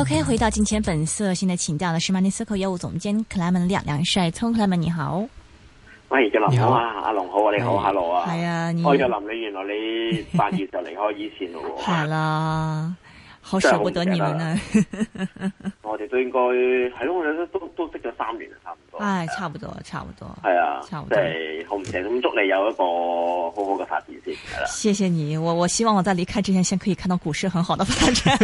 OK，回到金錢本色，現在請到的是曼尼斯科業務總監 Clement 梁梁帥聰，Clement 你好，喂，歡迎蒞臨，你好啊，阿龍好啊，你好，Hello 啊，係啊，歡迎蒞臨，你原來你八月就離開以前咯喎，係啦。好捨不捨得你們啊、 哎！我哋都應該係咯，我哋都都識咗三年啊，差唔多。唉，差唔多差唔多。係啊，即係好唔捨，咁祝你有一個好好嘅發展先，係啦、啊。謝謝你，我我希望我在離開之前，先可以看到股市很好的發展。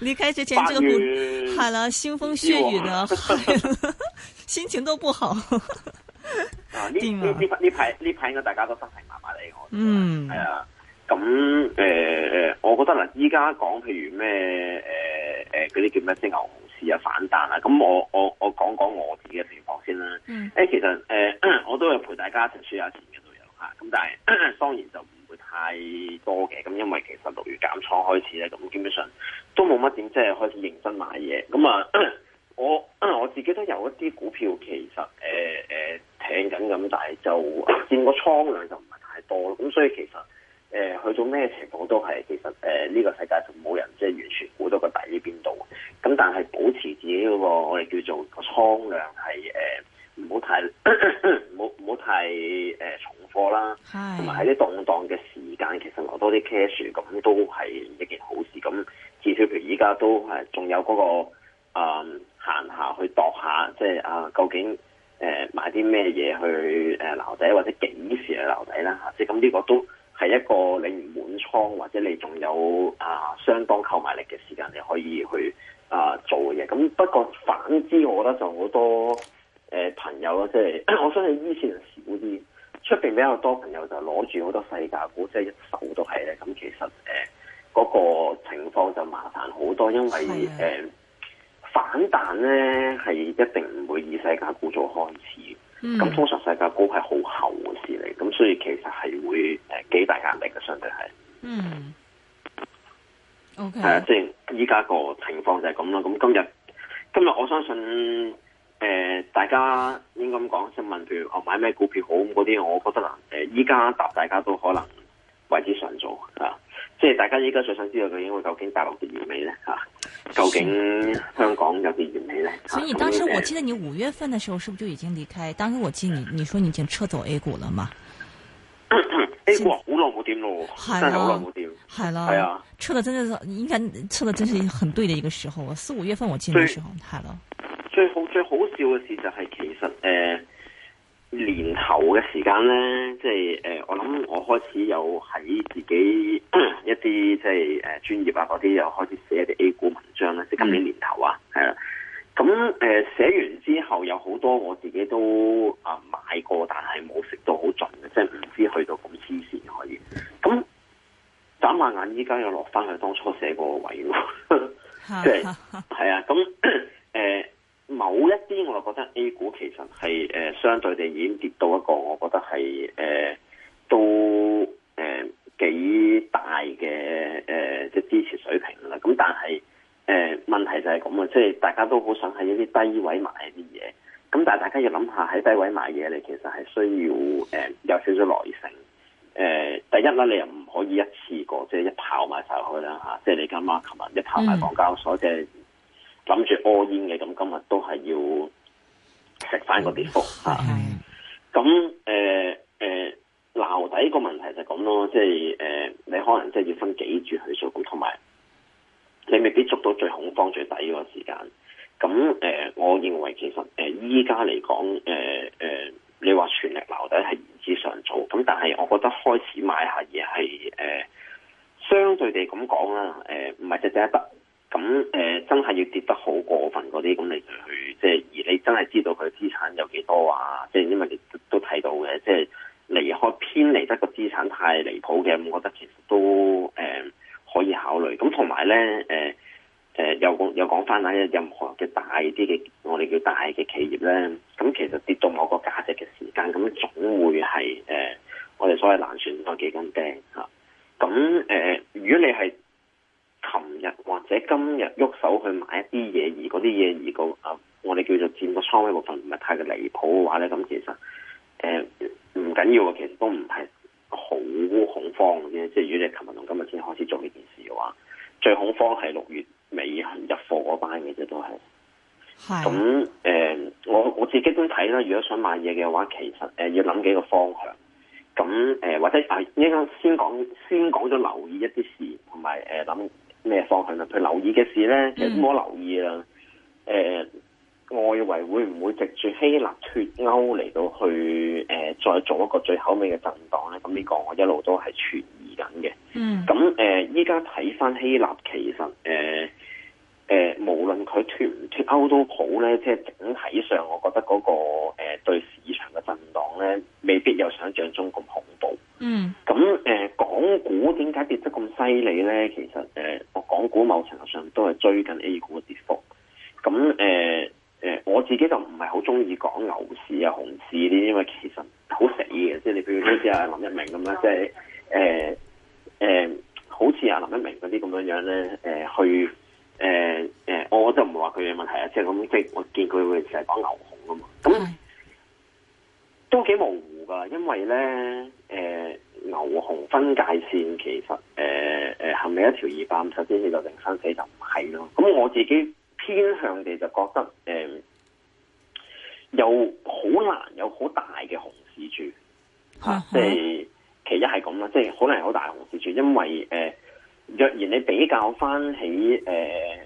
離 開之前這，這個股，喊了，腥風血雨的，啊、 心情都不好。 啊，呢呢呢排呢排應該大家都心情麻麻地，我嗯係啊。咁誒誒，我覺得嗱，依家講譬如咩誒誒嗰啲叫咩即牛熊市啊，反彈啊，咁我我我講講我自己嘅情況先啦。誒、嗯，其實誒、呃、我都係陪大家一齊輸下錢嘅都有。嚇，咁但係當然就唔會太多嘅，咁因為其實六月減倉開始咧，咁基本上都冇乜點即係開始認真買嘢。咁啊，我我自己都有一啲股票其實。購買力嘅時間你可以去啊做嘅嘢，咁不過反之，我覺得就好多誒朋友，即係我相信以前少啲，出邊比較多朋友就攞住好多世界股，即係一手都係咧。咁其實誒嗰個情況就麻煩好多，因為誒反彈咧係一定唔會以世界股做開始。咁通常世界股係好厚嘅市嚟，咁所以其實係會誒幾大壓力嘅，相對係。嗯。係 Okay. 啊，即係依家個情況就係咁啦。咁今日今日我相信，誒、呃，大家應該咁講，即係問，譬如我買咩股票好嗰啲，我覺得啦，誒、呃，依家答大家都可能為之上做啊。即係大家依家最想知道嘅，因為究竟大陸跌完未咧吓，究竟香港有啲跌完未咧？是啊、所以當時我記得你五月份嘅時候，是不是就已經離開？當時我記得你，你說你已經撤走 A 股了嘛。A 股好耐冇掂咯，真係好耐冇掂，係啦，係啊，出得真係應該出得，真係很對的一個時候啊！四五月份我進的時候，係啦以、啊，最好最好笑嘅事就係其實誒、呃、年頭嘅時間咧，即係誒我諗我開始有喺自己一啲即係誒專業啊嗰啲又開始寫一啲 A 股文章咧，即、就、係、是、今年年頭啊，係啦、啊。咁誒、呃、寫完之後有好多我自己都啊、呃、買過，但係冇食到好盡嘅，即係唔知去到咁黐線可以。咁眨下眼，依家又落翻去當初寫個位即係係啊。咁誒、呃、某一啲，我覺得 A 股其實係誒、呃、相對地已經跌到一個，我覺得係誒都誒幾大嘅誒即係支持水平啦。咁但係。誒、呃，問題就係咁啊，即係大家都好想喺一啲低位買啲嘢，咁但係大家要諗下喺低位買嘢，你其實係需要誒、呃、有少少耐性。誒、呃，第一啦，你又唔可以一次過即係一炮買晒去啦吓，即係、啊、你今晚琴日一炮買港交所，嗯、即係諗住屙煙嘅，咁今日都係要食翻個跌幅。係、啊，咁誒誒，撈、嗯呃呃、底個問題就咁咯，即係誒、呃，你可能即係要分幾注去做，同埋。你未必捉到最恐慌、最抵嗰個時間。咁誒、呃，我認為其實誒依家嚟講，誒、呃、誒、呃呃，你話全力留底係言之尚早。咁但係，我覺得開始買下嘢係誒，相對地咁講啦。誒、呃，唔係隻隻一得。咁誒、呃，真係要跌得好過分嗰啲，咁你就去即係，而你真係知道佢資產有幾多啊？即係因為你都睇到嘅，即係離開偏離得個資產太離譜嘅，咁我覺得其實都誒。呃可以考慮咁同埋咧，誒誒又講又講翻下任何嘅大啲嘅，我哋叫大嘅企業咧，咁其實跌到某個價值嘅時間，咁總會係誒、呃、我哋所謂難選多幾根釘嚇。咁、啊、誒、呃，如果你係琴日或者今日喐手去買一啲嘢，而嗰啲嘢而個啊，我哋叫做佔個倉位部分唔係太過離譜嘅話咧，咁其實誒唔緊要嘅，其實都唔係好恐慌嘅啫。即係如果你琴日同今日先開始做呢件。最恐慌係六月尾入貨嗰班嘅啫，都係的。係。咁、呃、誒，我我自己都睇啦。如果想買嘢嘅話，其實誒、呃、要諗幾個方向。咁誒、呃，或者誒應該先講先講咗留意一啲事，同埋誒諗咩方向啦。譬如留意嘅事咧，其實都冇留意啦。誒、呃，外圍會唔會藉住希臘脱歐嚟到去誒、呃、再做一個最後尾嘅震盪咧？咁呢個我一路都係存。嗯，咁誒、嗯，依家睇翻希臘，其實，誒、呃，誒、呃，無論佢脱唔脱歐都好咧，即、就、係、是、整體上，我覺得嗰、那個誒、呃、對市場嘅震盪咧，未必有想象中咁恐怖。嗯，咁誒、嗯嗯，港股點解跌得咁犀利咧？其實，誒、呃，我港股某程度上都係追緊 A 股嘅跌幅。咁、嗯、誒，誒、呃，我自己就唔係好中意講牛市啊、熊市啲，因為其實好死嘅，即係你譬如好似阿林一鳴咁啦，即係誒。呃誒、嗯，好似阿林一明嗰啲咁樣樣咧，誒、嗯，去，誒、嗯，誒、嗯，我就唔係話佢嘅問題啊，即係咁，即係我見佢會成日講牛熊啊嘛，咁、嗯、都幾模糊噶，因為咧，誒、嗯，牛熊分界線其實，誒、嗯，誒、嗯，係咪一條二百五十，先至就零三四就唔係咯？咁我自己偏向地就覺得，誒、嗯，又好難有好大嘅熊市住，吓，即係。嗯嗯其一係咁啦，即係可能係好大熊市住，因為誒、呃，若然你比較返起誒誒、呃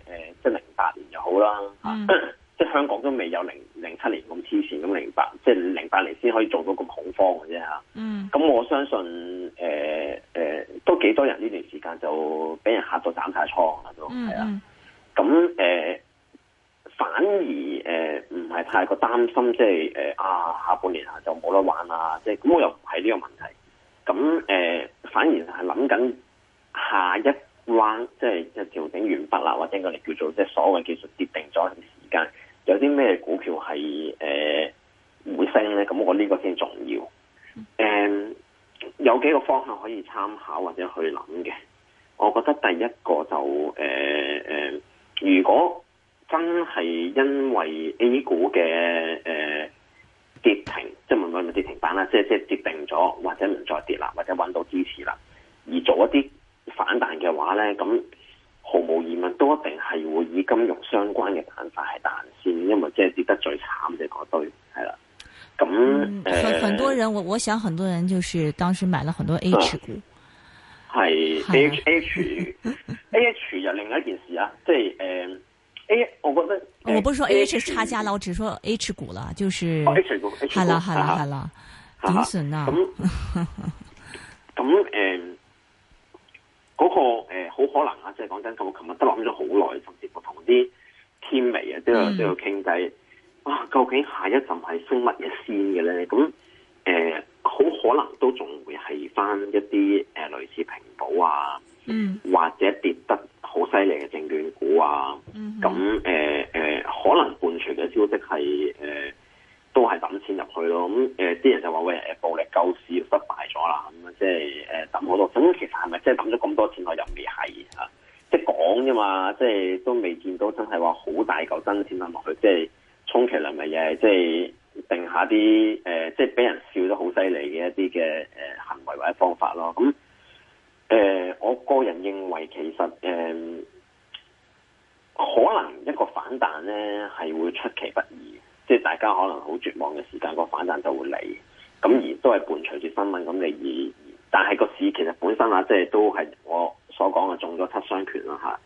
呃，即係零八年又好啦，嗯、即係香港都未有零零七年咁黐線，咁零八即係零八年先可以做到咁恐慌嘅啫吓。咁、嗯、我相信誒誒、呃呃，都幾多人呢段時間就俾人吓到斬晒倉啦，都係啦。咁誒、啊嗯呃，反而誒唔係太過擔心，即係誒啊下半年啊就冇得玩啊，即係咁我又唔係呢個問題。咁誒、呃，反而係諗緊下一彎，即係即係調整完畢啦，或者我哋叫做即係所謂技術跌定咗嘅時間，有啲咩股票係誒、呃、會升咧？咁我呢個先重要。誒、呃，有幾個方向可以參考或者去諗嘅。我覺得第一個就誒誒、呃呃，如果真係因為 A 股嘅誒。呃跌停，即係唔會唔會跌停板啦，即係即係跌定咗，或者唔再跌啦，或者搵到支持啦。而做一啲反彈嘅話咧，咁毫無疑問都一定係會以金融相關嘅板塊係彈先，因為即係跌得最慘嘅嗰堆係啦。咁誒，很多人，我我想很多人就是當時買咗很多 H 股，係、啊、 H H H 又另一件事啦，即係誒。呃 A，我覺得。我不是說 AH 差價啦，我只說 H 股啦，就是。h 股。h 啦，好 啦 splash，好啦。點算咁，咁、那、誒、個，嗰個誒，好可能啊，即係講真，我琴日都諗咗好耐，甚至乎同啲天微啊，即係都有傾偈。哇 Venice、嗯，UH, 究竟下一陣係升乜嘢先嘅咧？咁、呃、誒，好可能都仲會係翻一啲誒，類似平保啊，嗯，或者咁誒誒，可能伴隨嘅消息係誒、呃，都係揼錢入去咯。咁、嗯、誒，啲、呃、人就話喂誒，暴力救市失敗咗啦。咁、嗯就是呃嗯、啊，即係誒揼好多。咁其實係咪即係揼咗咁多錢落又未係啊？即係講啫嘛，即、就、係、是、都未見到真係話好大嚿真錢揼落去。即係充其量咪又係即係定下啲。身、就是、啊，即係都係我所講嘅中咗七傷拳啦吓，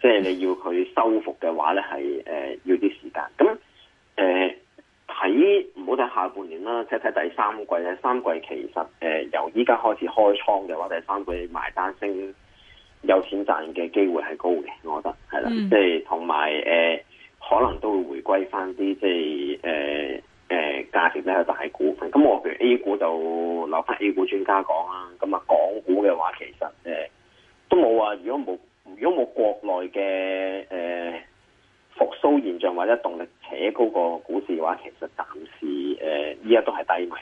即係你要佢修復嘅話咧，係誒、呃、要啲時間。咁誒睇唔好睇下半年啦，睇睇第三季啊，三季其實誒、呃、由依家開始開倉嘅話，第三季埋單升有錢賺嘅機會係高嘅，我覺得係啦。即係同埋誒可能都會回歸返啲即係誒。呃誒，價、呃、值咧係大股，咁我譬如 A 股就留翻 A 股專家講啦。咁、嗯、啊，港股嘅話，其實誒、呃、都冇話，如果冇如果冇國內嘅誒復蘇現象或者動力扯高個股市嘅話，其實暫時誒依家都係低迷。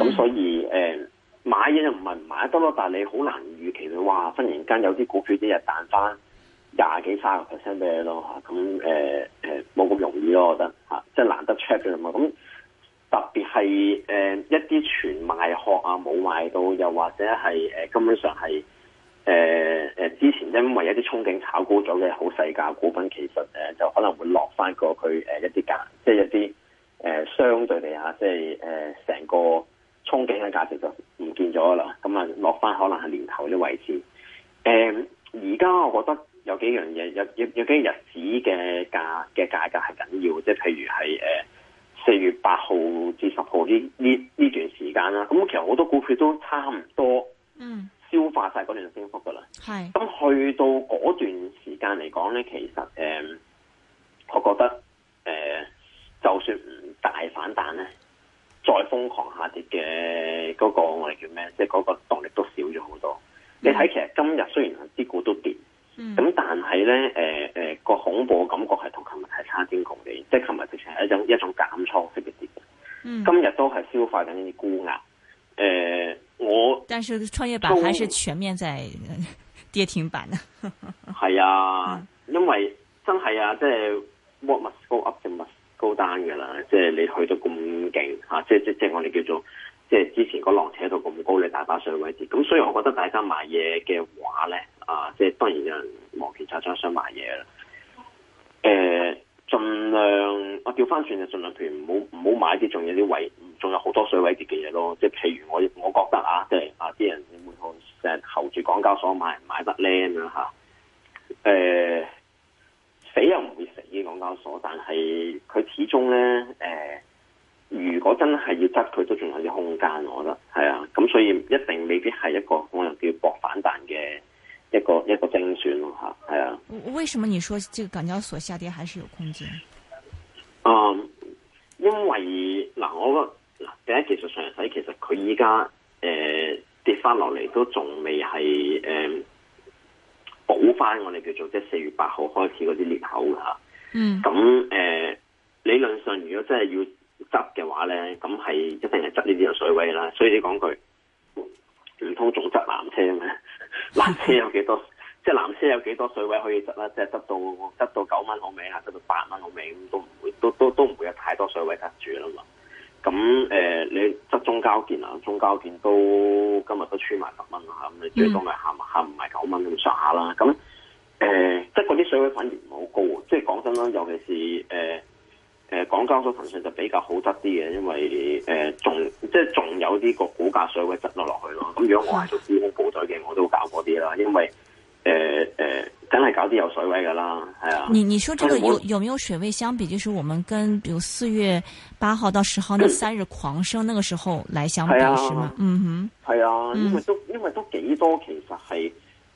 咁、嗯嗯、所以誒、呃、買嘢又唔係唔買得咯，但係你好難預期佢哇，忽然間有啲股票一日彈翻廿幾卅個 percent 俾你咯吓。咁誒誒冇咁容易咯，我覺得吓，即、啊、係難得 check 嘅嘛。咁、嗯嗯嗯特別係誒、呃、一啲全賣殼啊，冇賣到，又或者係誒、呃、根本上係誒誒之前因為一啲憧憬炒高咗嘅好細價股份，其實誒、呃、就可能會落翻個佢誒、呃、一啲價，即係一啲誒、呃、相對嚟下，即係誒成個憧憬嘅價值了了就唔見咗啦。咁啊落翻可能係年頭啲位置。誒而家我覺得有幾樣嘢，有有有幾日子嘅價嘅價格係緊要，即係譬如係誒。呃四月八號至十號呢呢呢段時間啦，咁其實好多股票都差唔多嗯，嗯，消化晒嗰段升幅噶啦。係。咁去到嗰段時間嚟講咧，其實誒我覺得誒、嗯、就算唔大反彈咧，再瘋狂下跌嘅、嗰個我哋叫咩？即係嗰個動力都少咗好多。你睇其實今日雖然啲股都跌，嗯，咁但係咧誒誒個恐怖感覺。創業板還是全面在跌停板。係。 啊，因為真係啊，即係 what must go up，must go down 噶啦。即係你去到咁勁吓，即係即係我哋叫做即係之前嗰浪扯到咁高，你大把水位跌。咁所以我覺得大家買嘢嘅話呢，啊，即係當然有人望見炒漲想買嘢啦。誒、呃，盡量我調翻轉就盡量平，唔好唔好買啲仲有啲位，仲有好多水位跌嘅嘢咯。即係譬如我。靚吓，誒、 嗯，死又唔會死啲港交所，但係佢始終咧，誒、呃，如果真係要執佢，都仲有啲空間，我覺得係啊。咁所以一定未必係一個，我又叫搏反彈嘅一個一個正選咯吓，係啊。為什麼你說這個港交所下跌還是有空間？嗯，因為嗱、呃，我嗱、呃，第一技術上睇，其實佢依家誒跌翻落嚟都仲未係誒。呃補翻我哋叫做即係四月八號開始嗰啲裂口噶，咁誒、嗯呃、理論上如果真係要執嘅話咧，咁係一定係執呢啲人水位啦。所以你講句唔通仲執纜車？咩？ 纜車有幾多？即係纜車有幾多水位可以執咧？即係執到執到九蚊好名吓，執到八蚊好未？都唔會，都都都唔會有太多水位得住啦嘛。咁誒，你執中交建啊，中交建都今日都穿埋十蚊啊，咁你最多咪下下唔係九蚊咁上下啦。咁誒、嗯，即係嗰啲水位反而唔好高，即係講真啦，尤其是誒誒港交所騰訊就比較好執啲嘅，因為誒仲即係仲有啲個股價水位質落落去咯。咁如果我做資本布袋嘅，我都搞嗰啲啦，因為。誒誒，梗係、欸欸、搞啲有水位噶啦，係啊。你你說這個有、嗯、有沒有水位相比，就是我們跟比如四月八號到十號那三日狂升，那個時候來相比，是嗎、啊？嗯哼，係啊，因為都因為都幾多其，其實係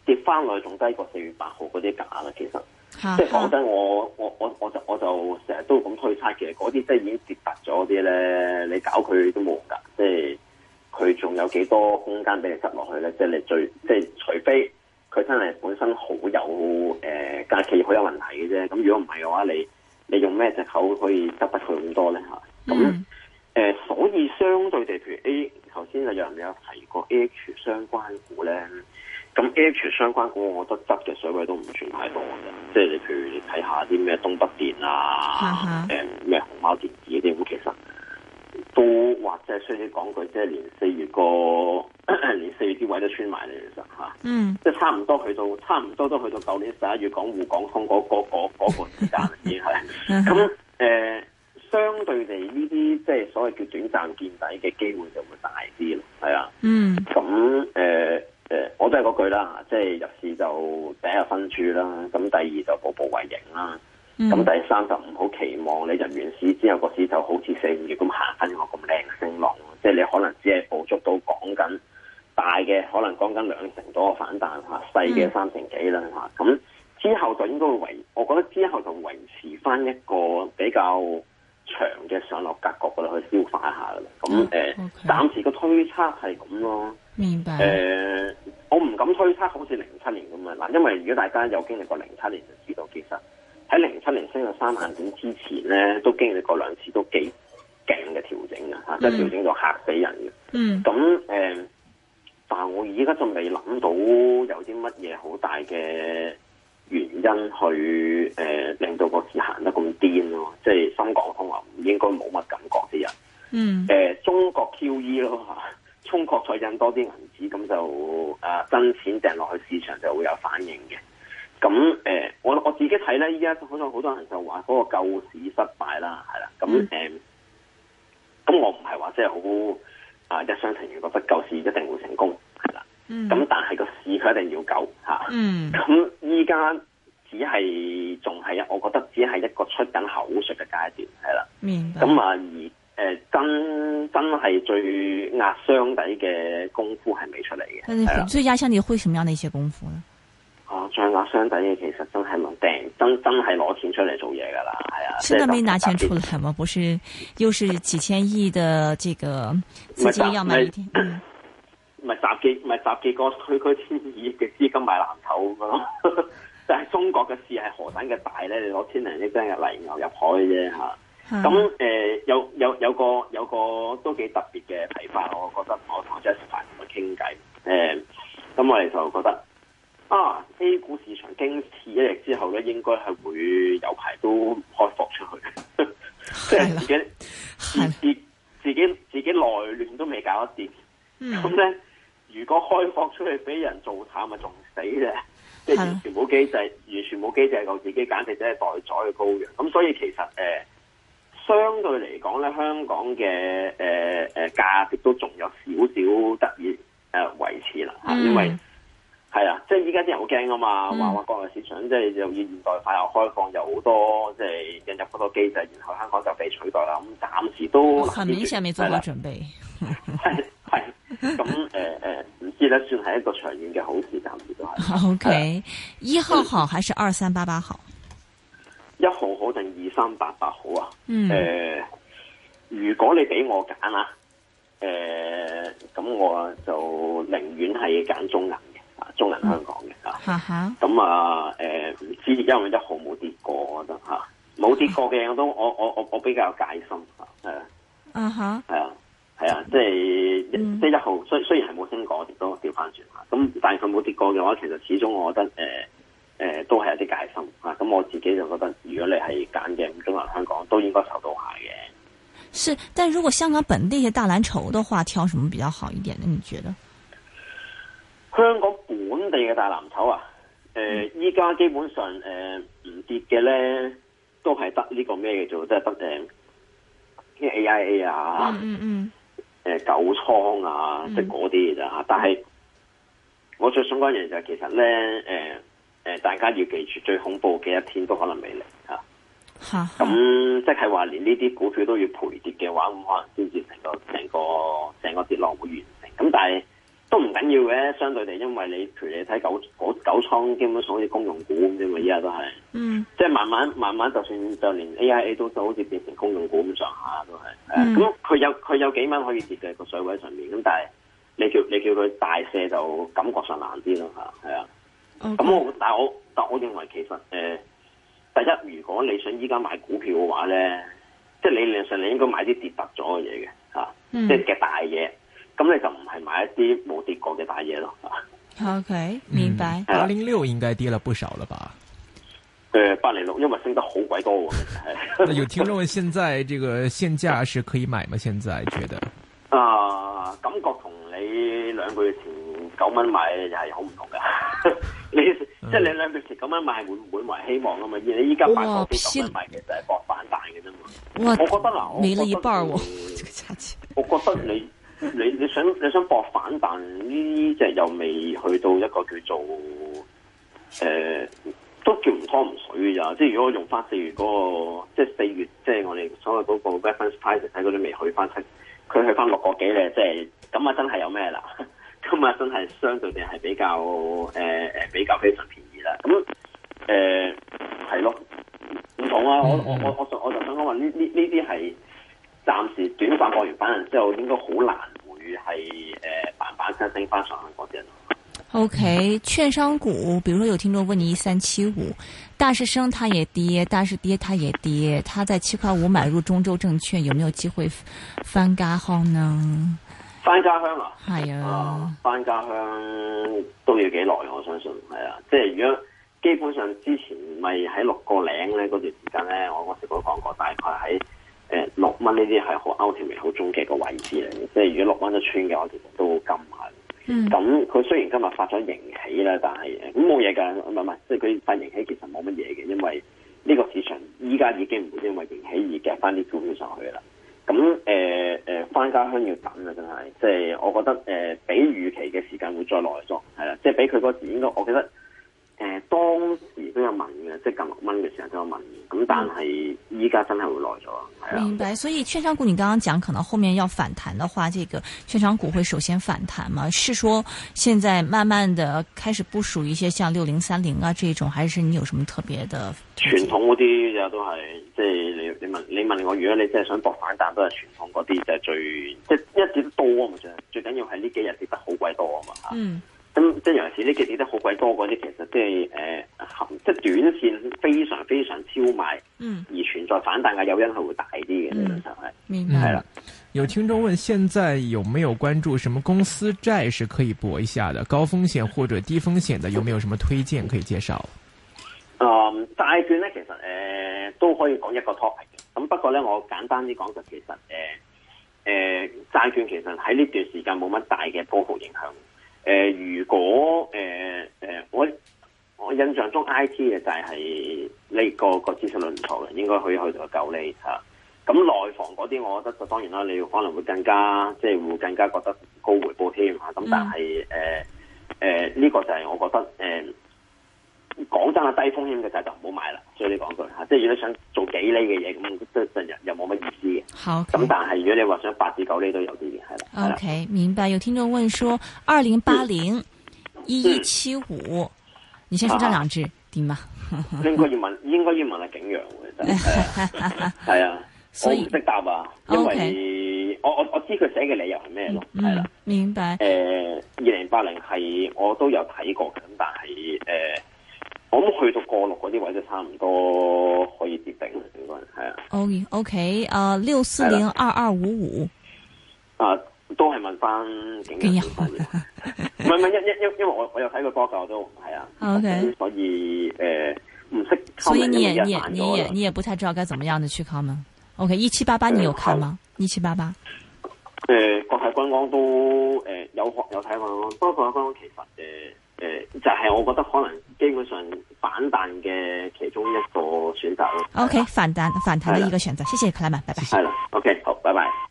跌翻落去仲低過四月八號嗰啲價啦。其實、啊、即係講真，我我我我就我就成日都咁推測嘅，嗰啲即係已經跌突咗啲咧，你搞佢都冇噶，即係佢仲有幾多空間俾你執落去咧？即係你最即係除非。佢真係本身好有誒假期好有問題嘅啫，咁如果唔係嘅話，你你用咩藉口可以執得佢咁多咧嚇？咁誒、嗯呃，所以相對地，譬如 A 頭先有有人有提過 A H 相關股咧，咁 A H 相關股我覺得執嘅水位都唔算太多嘅，即係你譬如你睇下啲咩東北電啊，誒咩熊貓電子啲股，其實。都或者需要講句，即係連四月個，連四月啲位都穿埋啦，其實吓。嗯，mm. 即係差唔多去到，差唔多都去到舊年十一月港滬港通嗰嗰嗰嗰個時間先係。咁誒、 呃，相對嚟呢啲即係所謂叫短暫見底嘅機會就會大啲咯，係啊、mm. 嗯。嗯。咁誒誒，我都係嗰句啦，即係入市就第一分注啦，咁第二就步步為營啦。咁、嗯、第三就唔好期望你入完市之後個市就好似四五月咁行翻個咁靚升浪，即係你可能只係捕捉到講緊大嘅，可能講緊兩成多嘅反彈嚇，細嘅三成幾啦嚇。咁、啊嗯、之後就應該維，我覺得之後就維持翻一個比較長嘅上落格局嗰度，去消化一下啦。咁誒、啊 okay. 呃，暫時個推測係咁咯。明白。誒、呃，我唔敢推測，好似零七年咁樣嗱，因為如果大家有經歷過零七年，就知道其實。喺零七年升到三萬點之前咧，都經歷過兩次都幾勁嘅調整嘅嚇、啊，即係調整到嚇死人嘅。咁誒、mm. 呃，但係我而家仲未諗到有啲乜嘢好大嘅原因去誒、呃、令到個市行得咁癲咯，即係深港通話唔應該冇乜感覺啲人。嗯，誒中國 QE 咯嚇，中國再、e、印多啲銀紙，咁就啊真錢掟落去市場就會有反應嘅。咁誒，我我自己睇咧，依家好像好多人就話嗰個救市失敗啦，係啦、嗯。咁誒，咁我唔係話即係好啊一廂情願，覺得救市一定會成功係啦。咁但係個市佢一定要救嚇。咁依家只係仲係，我覺得只係一個出緊口術嘅階段係啦。咁啊而誒真真係最壓箱底嘅功夫係未出嚟嘅。咁最壓箱你會什麼樣的一些功夫呢？相抵嘅其實真係冇掟，真真係攞錢出嚟做嘢噶啦，係啊！現在沒拿錢出來嗎？不是，又是幾千億的這個資金要買，一定唔係集集唔係集集哥推嗰千億嘅資金買藍籌噶咯。但係中國嘅市係何等嘅大咧？你攞千零億真係泥牛入海啫吓。咁誒，有有有個有個都幾特別嘅睇法，我覺得我同 Jeff 同佢傾偈，誒，咁我哋就覺得。啊！A 股市場經此一役之後咧，應該係會有排都唔開放出去，即 係自己自自 自己 自己內亂都未搞得掂，咁咧、嗯、如果開放出去俾人做淡咪仲死咧，嗯、即係完全冇機制，完全冇機制，靠自己簡直即係待宰嘅羔羊。咁所以其實誒、呃、相對嚟講咧，香港嘅誒誒價值都仲有少少得以誒維持啦吓，因為、嗯。嗯係啊，即係依家啲人好驚啊嘛，話話、嗯、國內市場即係就要現代化又開放有好多，即係引入好多機制，然後香港就被取代啦。咁、嗯、暫時都，係啦，很明顯未做過準備、係係咁誒誒，唔、 呃、知咧，算係一個長遠嘅好事，暫時都係。OK k 一號好還是二三八八好？一號好定二三八八好啊？嗯。誒、呃，如果你俾我揀啊，誒、呃，咁我就寧願係揀中銀。中銀香港嘅、嗯嗯、啊，咁啊，誒，唔知因為一號冇跌過，我覺得吓冇跌過嘅我都我我我我比較有戒心啊，係啊，嗯哼，係啊，係啊，啊嗯、即係即係一號雖雖然係冇升過，亦都調翻轉啦。咁但係佢冇跌過嘅話，其實始終我覺得誒誒、呃呃、都係有啲戒心啊。咁、嗯、我自己就覺得，如果你係揀嘅唔中銀香港，都應該受到下嘅。是，但如果香港本地嘅大藍籌嘅話，挑什麼比較好一點呢？你覺得？香港本地嘅大藍籌啊，誒、呃，依家、嗯、基本上誒唔、呃、跌嘅咧，都係得呢個咩嘅做，即係得誒啲 AIA 啊，誒九倉啊，即係嗰啲嘅咋吓。但係、嗯嗯、我最想講嘢就係，其實咧，誒、呃、誒、呃，大家要記住，最恐怖嘅一天都可能未嚟吓。咁、啊、 即係話，連呢啲股票都要賠跌嘅話，咁可能先至成個成個成個個跌浪會完成。咁但係。都唔緊要嘅，相對地，因為你譬如你睇九九倉，基本上好似公用股咁啫嘛，依家都係，嗯，即係慢慢慢慢，慢慢就算就連 AIA 都都好似變成公用股咁上下都係，咁佢、嗯嗯嗯、有佢有幾蚊可以跌嘅個水位上面，咁但係你叫你叫佢大瀉就感覺上難啲咯吓，係啊，咁 Okay. 我但係我但係我認為其實誒、呃，第一如果你想依家買股票嘅話咧，即係理論上你應該買啲跌突咗嘅嘢嘅吓，嗯、即係嘅大嘢。咁你就唔係買一啲冇跌過嘅大嘢咯。OK，明白。八零六應該跌了不少了吧？誒、嗯，八零六因為升得好鬼多、啊。 那有聽眾問：現在這個現價是可以買嗎？現在覺得？啊，感覺同你兩個月前九蚊買又係好唔同噶。 你、嗯、即係你兩個月前九蚊買係滿唔滿懷希望噶嘛？你而你依家買咗幾多蚊買嘅就係博反彈嘅啫嘛？我覺得啊，沒了一半我。 我覺得你。是 你你想你想搏反彈呢隻又未去到一個叫做誒、呃，都叫唔湯唔水咋，即係如果用翻四月嗰、那個，即係四月，即係我哋所謂嗰個 reference price 睇嗰啲未去翻佢去翻六個幾咧，即係咁啊！真係有咩啦？咁啊！真係相對地係比較誒誒、呃、比較非常便宜啦。咁誒係咯，唔同啊！我我我我我就想講話呢呢呢啲係。暫時短板過完反彈之後，應該好難會係誒板板聲升翻上嗰陣。OK，券商股，比如有聽眾問你一三七五，大市升它也跌，大市跌它也跌，他在七塊五買入中州證券，有沒有機會翻家鄉呢？翻家鄉啊，係啊、hey a 呃，翻家鄉都要幾耐？我相信係啊，即係如果基本上之前咪喺六個零咧嗰段時間咧，我嗰時都講過，大概喺。誒、呃，六蚊呢啲係好 out 期，好中嘅個位置嚟嘅，即係如果六蚊一穿嘅，我其實都金下。嗯，咁佢雖然今日發咗盈喜啦，但係咁冇嘢㗎，唔係唔係，即係佢發盈喜其實冇乜嘢嘅，因為呢個市場依家已經唔會因為盈喜而夾返啲股票上去啦。咁誒誒，返、呃呃、家鄉要等啊，真係，即係我覺得誒、呃，比預期嘅時間會再耐咗，係啦，即係比佢嗰時應該，我記得。誒、呃，當時都有問嘅，即係近六蚊嘅時候都有問，咁但係依家真係會耐咗，係啊。明白，所以券商股你剛剛講可能後面要反彈嘅話，這個券商股會首先反彈嘛？是說現在慢慢的開始部署一些像六零三零啊這種，還是你有什麼特別的？傳統嗰啲嘅都係，即係你你問你問我，如果你真係想搏反彈，都係傳統嗰啲就係最即係一啲多啊嘛，就係最緊要係呢幾日跌得好鬼多啊嘛，嗯。咁即係尤其是呢幾年都好鬼多嗰啲，其實即係誒，即係短線非常非常超賣，而存在反彈嘅誘因係會大啲嘅。明白明白了、嗯。有聽眾問，現在有冇有關注什麼公司債是可以搏一下嘅？高風險或者低風險嘅有沒有什麼推薦可以介紹？誒、嗯，債券咧，其實誒、呃、都可以講一個 topic 嘅。咁不過咧，我簡單啲講就其實誒誒，債、呃呃、券其實喺呢段時間冇乜大嘅波幅影響。嗰誒我我印象中 IT 嘅就係呢個個資訊論途嘅，應該可以去到九厘嚇。咁內房嗰啲，我覺得就當然啦，你可能會更加即係會更加覺得高回報添嚇。咁但係誒誒，呢個就係我覺得誒講真啊，低風險嘅就就唔好買啦。所以你講句嚇，即係如果你想做幾厘嘅嘢，咁即係近日又冇乜意思嘅。好咁，但係如果你話想八至九厘都有啲嘅，係啦。OK，明白。有聽眾問說：二零八零。一一七五，你先說這兩句點嘛？應該要問，應該要問阿景陽嘅，真係係啊。所以識答啊，因為我我我知佢寫嘅理由係咩咯，係啦。明白。誒，二零八零係我都有睇過嘅，但係誒，我諗去到過六嗰啲位都差唔多可以跌定，呢個係啊。O K O K，誒六四零二二五五，啊，都係問翻景陽。唔係唔係，因因因因為我我有睇佢歌嘅，我都唔係啊。O Okay . K 所以誒唔識，所、呃、以、okay. 你也你你你也不太知道該怎麼樣嘅去看啦。O K 一七八八你有睇嗎？一七八八誒國泰君安都誒有有睇過，不過不過其實誒誒、呃、就係、是、我覺得可能基本上反彈嘅其中一個選擇咯。O、okay. K 反彈反彈呢一個選擇，多 Yeah. 謝佢啦，Clement 拜拜。係啦，O K 好，拜拜。